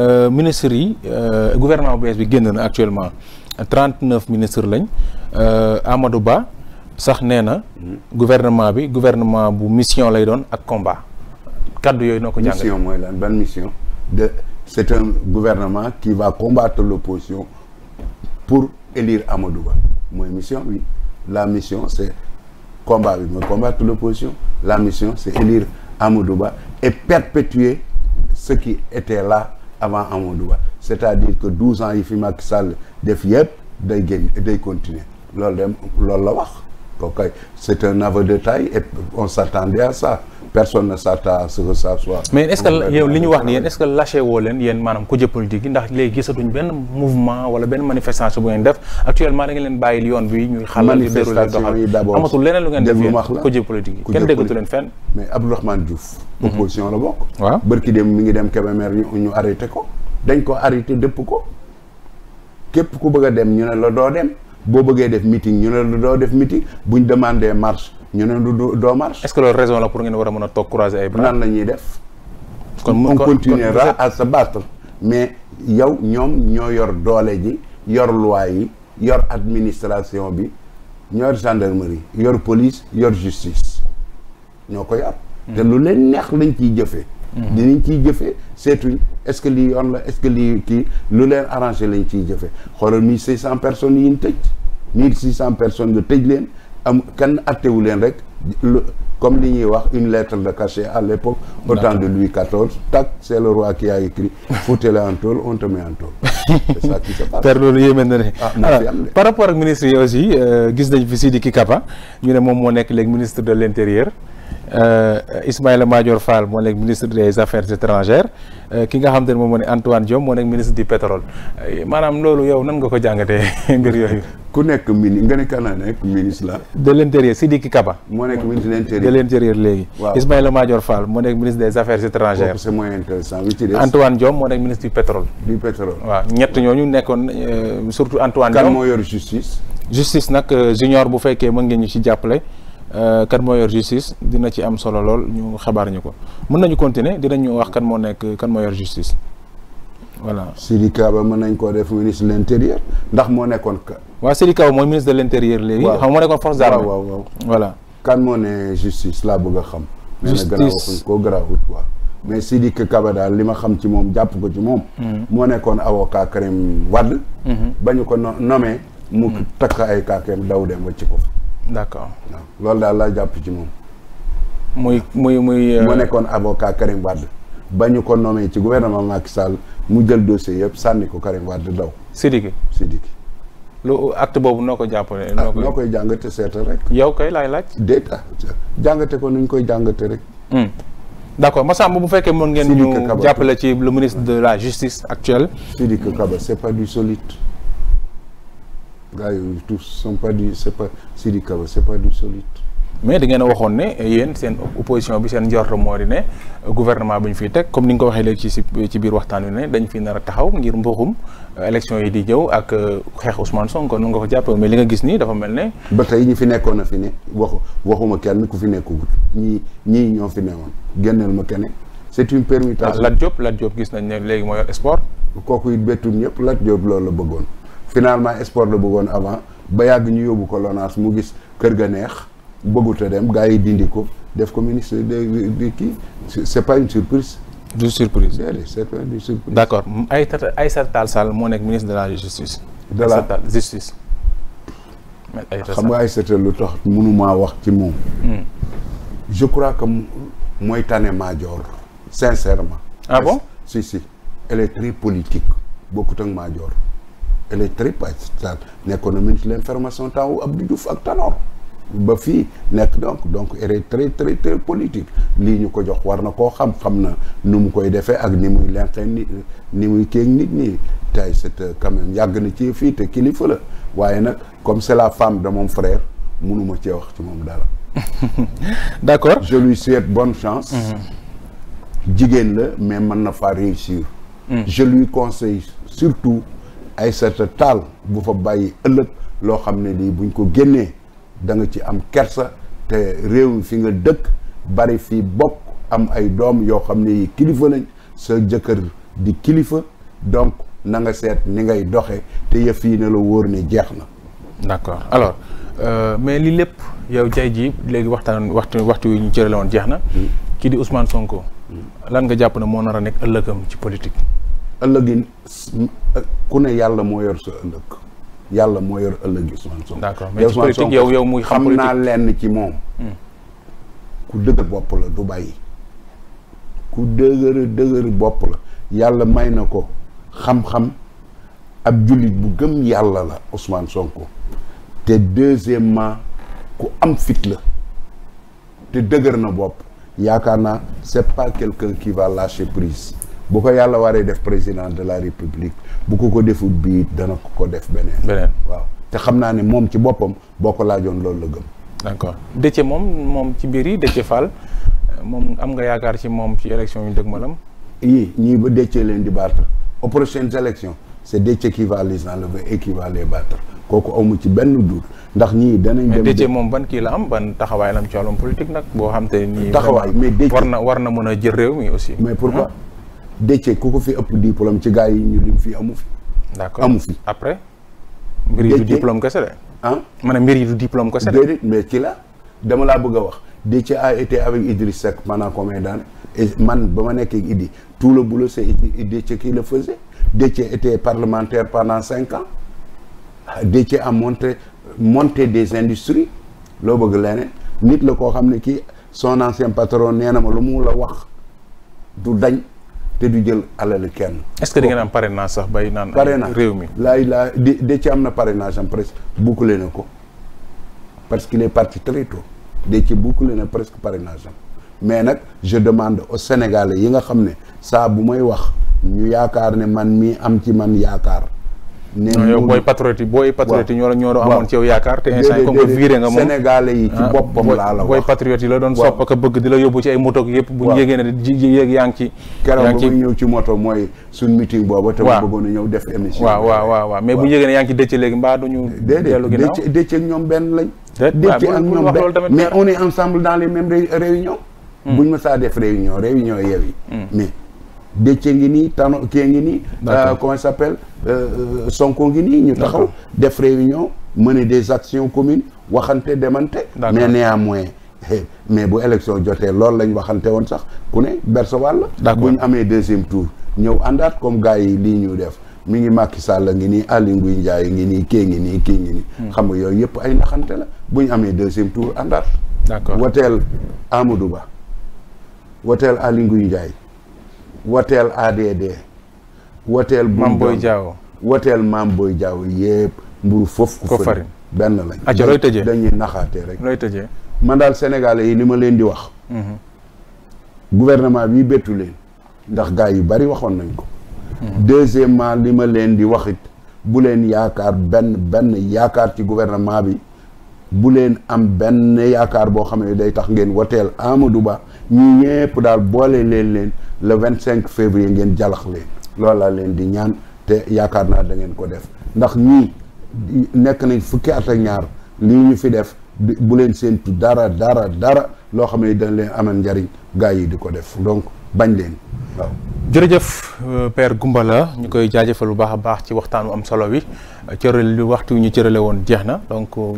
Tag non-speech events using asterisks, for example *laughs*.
Euh, ministres yi euh, gouvernement bu bees bi génn na actuellement trente neuf ministres lañ euh, Amadou Ba sax nee na gouvernement bi gouvernement bu mission lay doon ak combat kaddu yooyu noo ko jàngatee. mission mooy lan ban mission de c'est un gouvernement qui élire Amadou mooy mission bi la mission c'est combat bi mooy combattre l'opposition la mission c'est élire Amadou Ba et perpétuer ce qui était là avant Amadou Ba c'est-à-dire que douze ans yi fi Macky Sall def yëpp day génn day loolu dem loolu la wax kooku c'est un aveu de taille et personne ne s'attend à ce que soit. mais est-ce que li ñu wax ni yéen est-ce que lâché woo leen yéen maanaam kuje politique yi ndax léegi gisatuñ benn mouvement wala benn manifestation bu ngeen def actuellement da ngeen leen bàyyil yoon bi ñuy xalaat yu déroulé doxal amatul leneen lu ngeen def yéen kuje politique yi kenn déggatu leen fenn. mais Abdourahmane Diouf. Mhm. opposition la bokk. waaw bërki dem mi ngi dem Kébémer ñu ñu arrêté ko dañ ko arrêté dëpp ko ku bëgg dem ñu ne la doo dem. boo bëggee def meeting ñu ne doo def meeting buñ demandé marche ñu ne du doo marche. est-ce que loolu raison la pour ngeen war a mën a toog croiser ay bras. nan la ñuy def. kon on continuera à se battre mais yow ñoom ñoo yor doole ji yor loi yi yor administration bi ñoo yor gendarmerie yor police yor justice ñoo ko yor. Hmm. te lu leen neex lañ ciy jëfee. Mhm. dinañ ci jëfee seetuñ est-ce que lii yoon la est-ce que lii kii lu leen arrangé lañ ciy jëfee xoolal mille six cent personnes yi ñu tëj mille six cent personne nga tëj leen am kenn attewu leen rek lu comme li ñuy wax une lettre de cachet à l'époque au temps de Louis XIV tac c'est le roi qui a écrit *laughs* foutez-la en tôle te met en tôle c'est ça qui se passe *laughs* per loolu yéeme na ne ah, par rapport ak ministre yi aussi euh, gis nañ fi Sidiki Kaba ñu ne moom moo nekk léegi ministre de l'intérieur Euh, Ismaïla Madior Fall moo nekk ministre des affaires étrangères euh, ki nga xam te moom moo ne Antoine Diome nekk ministre du pétrole maanaam loolu yow nan nga ko jàngatee *laughs* mbir yooyu. ku nekk mini nga ne kan de l' intérieur Sidiki Kaba. moo nekk ministre de l' intérieur de l' intérieur léegi. waaw Ismaïla Madior Fall moo nekk ministre des affaires étrangères. c' Antoine Diome moo nekk ministre du pétrole. du pétrole waaw ñett ñooñu nekkoon euh, surtout Antoine Diome. kan moo yor justice. justice nag junior bu fekkee mën ngeen ñu ci jàppale. Euh, kan moo yor justice dina ci am solo lool ñu xabaar ñu ko mën nañu continuer dinañu wax kan moo nekk kan moo yor justice voilà. Sidi Kaba mën nañ koo def ministre de l' ndax moo nekkoon. waaw Sidi Kaba mooy ministre de l' intérieur léegi. waaw xam moo nekkoon force d' waaw waaw voilà. moo ne justice laa bëgg a xam. justice nee na gannaaw mais Sidi Kaba daal li ma xam ci moom jàpp ko ci moom. Hmm. moo nekkoon avocat Karim Wade. Hmm. ba ñu ko nommé. mu hmm. takk ay kaakeem daw dem wàcc ko. d'accord loolu daal laa jàpp ci moom. muy muy muy. Euh, mu nekkoon avocat Karim Wade. ba ñu ko nommé ci gouvernement Macky Sall mu jël dossier yëpp sànni ko Karim Wade daw. Sidiki Sidiki. lu acte boobu noo ko jàppale. Ah, noo koy noo koy jàngate seeta rek. yow kay laay laaj. déet ah jàngate ko nu ñu koy jàngate rek. Hmm. d' accord Massamba bu fekkee mën ngeen. ñu jàppale ci le ministre de la justice actuel. Sidiki Kaba c' pas du solide. gars yooyu tous sont pas du c'est mais da ngeen a waxoon ne yéen seen opposition bi seen njort moo di ne gouvernement bi ñu fi teg comme ni nga ko waxee léegi ci ci biir waxtaan ne dañ fi nar a taxaw ngir mbuxum élection yi di ñëw ak euh, xeex Ousmane Sonko nu nga ko jàppee mais li nga gis nii dafa mel ne. ba tey ñi fi nekkoon na fi ne waxu waxuma kenn ku fi nekkugul ñii ñii ñoo fi newoon génneel ma keneen c'est une permutation. Lat Diop Lat gis nañ ne léegi moo yor sport. kooku it bettul ñëpp Lat Diop loolu la bëggoon. finalement sport la bëggoon avant ba yàgg ñu yóbbu ko Lonase mu gis kër ga neex bëggut a dem gars yi dindi ko def ko ministre de kii c'est pas une du surprise déedéet c'est pas une surprise. d'accord Aïssata Aïssata Tall Sall moo nekk ministre de la justice. de la justice. xam nga Aïssata lu tax mënumaa wax ci moom. Hmm. je crois que mooy tane Madior sincèrement. ah bon si si elle politique bokkut ak Madior. électrique nekkoon na ministre de l'information temps wu Abdou Diouf ak Tanor ba fii nekk donc donc elle est très politique lii ñu ko jox war na koo xam xam na nu mu koy defee ak ni muy lenqee ni ni muy kéeg nit ñi tey c'est euh, quand même yàgg na ci fii te kilifa la waaye nag comme c'est la femme de mon frère mënuma cee wax ci moom dara *laughs* d'accord je lui souhaite bonne chance mm-hmm. jigéen la mais mën na faa réussir mm. je lui conseille surtout ay Aïssata taal bu fa bàyyi ëllëg loo xam ne lii buñ ko génnee da nga ci am kersa te réew fi nga dëkk bari fi bokk am ay doom yoo xam ne yi kilifa lañ sa jëkkër di kilifa donc na nga seet ni ngay doxe te yëf yi ne la wóor ne jeex na d'accord alors euh, mais li lépp yow jay ji léegi waxtaan waxtu waxtu wi ñu la woon jeex na hmm. kii di Ousmane Sonko hmm. lan nga jàpp na moo nar a nekk ëllëgam ci politique ëllëgi ku ne yàlla moo yor sa ëllëg yàlla moo yor ëllëg Ousmane Sonko. yow muy xam naa lenn ci moom. Hmm. ku dëgër bopp la du bàyyi. ku dëgër dëgër bopp la yàlla may na ko xam-xam ab jullit bu gëm yàlla la Ousmane Sonko te deuxièmement ku am fit la te dëgër na bopp yaakaar naa c'est pas quelqu'un qui va lâcher prise. bu ko yàlla waree def président de la république bu ko ko deful bii dana ko ko def beneen. beneen waaw te xam naa ne moom ci boppam boo ko laajoon loolu la gëm. d'accord Déthié moom moom ci biir yi Déthié Fall moom am nga yaakaar ci moom ci élection yu dëgmalam. yii ñii ba Déthié leen di battre aux prochaines élections c'est Déthié qui va les enlever et qui kooku amu ci benn doute ndax ñii danañ. dem mais Déthié moom ban kii la am ban taxawaay la am ci wàllum politique nag boo xam te ni. taxawaay mais Déthié war na war na mën a jël réew mi aussi. mais pourquoi. Déthié ku ko fi ëpp diplôme ci gars yi ñu lim fii amu fi. d'accord amu fi après. mbir yi du diplôme kese de. ah mbir yi du diplôme kese de. déedéet mais ci la dama laa bëgg a wax Déthié a été avec Idriss Seck pendant combien d'années et man ba ma nekkee Idi tout le boulot c'est kii qui le faisait Déthié était parlementaire pendant cinq ans Déthié a monté monté des industries loo bëgg leneen nit la koo xam ne kii son ancien patron nee na ma lu mu la wax du dañ. te du jël alal kenn. est-ce que di ngeen am parrainage sax bay naan. parrainage réew mi laay laa de de ci am na parrainage am presque bouclé na ko parce qu'il est parti très tôt ci ci bouclé na presque parrainage am mais nag je demande au Sénégalais yi nga xam ne saa bu may wax ñu yaakaar ne man mii am ci man yaakaar. ne yow booy patriote yi booy patriote yi ñoo ñoo doon amoon ci yow yaakaar te instant comme que viré nga moom sénégalais yi ci ah, boppam laa la wax booy patriote yi la doon sopp ak bëgg di la yóbbu ci ay moto yëpp bu ñu yégee ne yéeg yaa ngi ci keroog ba ñëw ci moto mooy suñ meeting booba te ma bëggoon a ñëw def émission waaw waaw waaw waaw mais bu ñu yégee ne yaa ngi ci dëcc léegi mbaa duñu dellu ginnaaw déedéet dëcc ak ñoom benn lañ dëcc ak ñoom benn mais on est ensemble dans les mêmes réunions hmm. buñ ma saa def réunion réunion yeew yi hmm. mais Déthié ngi nii Tano kii ngi nii. Euh, comment il s'appelle euh, euh, Sonko ngi nii ñu taxaw. def réunion mener des actions commune waxante demante. mais néanmoins *laughs* mais bu élection jotee loolu lañ waxante woon sax ku ne berceval la. bu ñu amee deuxième tour ñëw àndaat comme gars yi lii ñu def. mi ngi Macky Sall ngi nii Aly Ngouille Ndiaye ngi nii kii ngi nii kii ngi nii. Hmm. xam nga yooyu yëpp ay naxante la bu amee deuxième tour àndaat. d'accord woteel Amadou Ba woteel Aly Ngouille Ndiaye. wateel ADD. wateel Maam Boy Diaw wateel Maam Boy Diaw yëpp mburu foofu ko farin benn lañ acca looy tëjee dañuy naxaatee rek looy tëjee man daal sénégalais yi li ma leen di wax mhm. gouvernement bi bettu leen ndax gars yu bari waxoon nañ ko mhm. deuxièmement li ma leen di waxit bu leen yaakaar benn benn yaakaar ci gouvernement bi bu leen am benn yaakaar boo xam ne day tax ngeen woteel Amadou Ba ñi ñëpp daal boole leen leen le vingt cinq février ngeen jalax leen loolu leen di ñaan te yaakaar naa da ngeen ko def ndax ñii nekk nañ fukki at ak ñaar lii ñu fi def bu leen séentu dara dara dara loo xam ne dañ leen amal njariñ gars yi di ko def donc bañ leen waaw. jërëjëf euh, Père la ñu koy jaajëfal bu baax a baax ci waxtaanu am solo wi cëral li waxtu ñu cërale woon jeex na euh,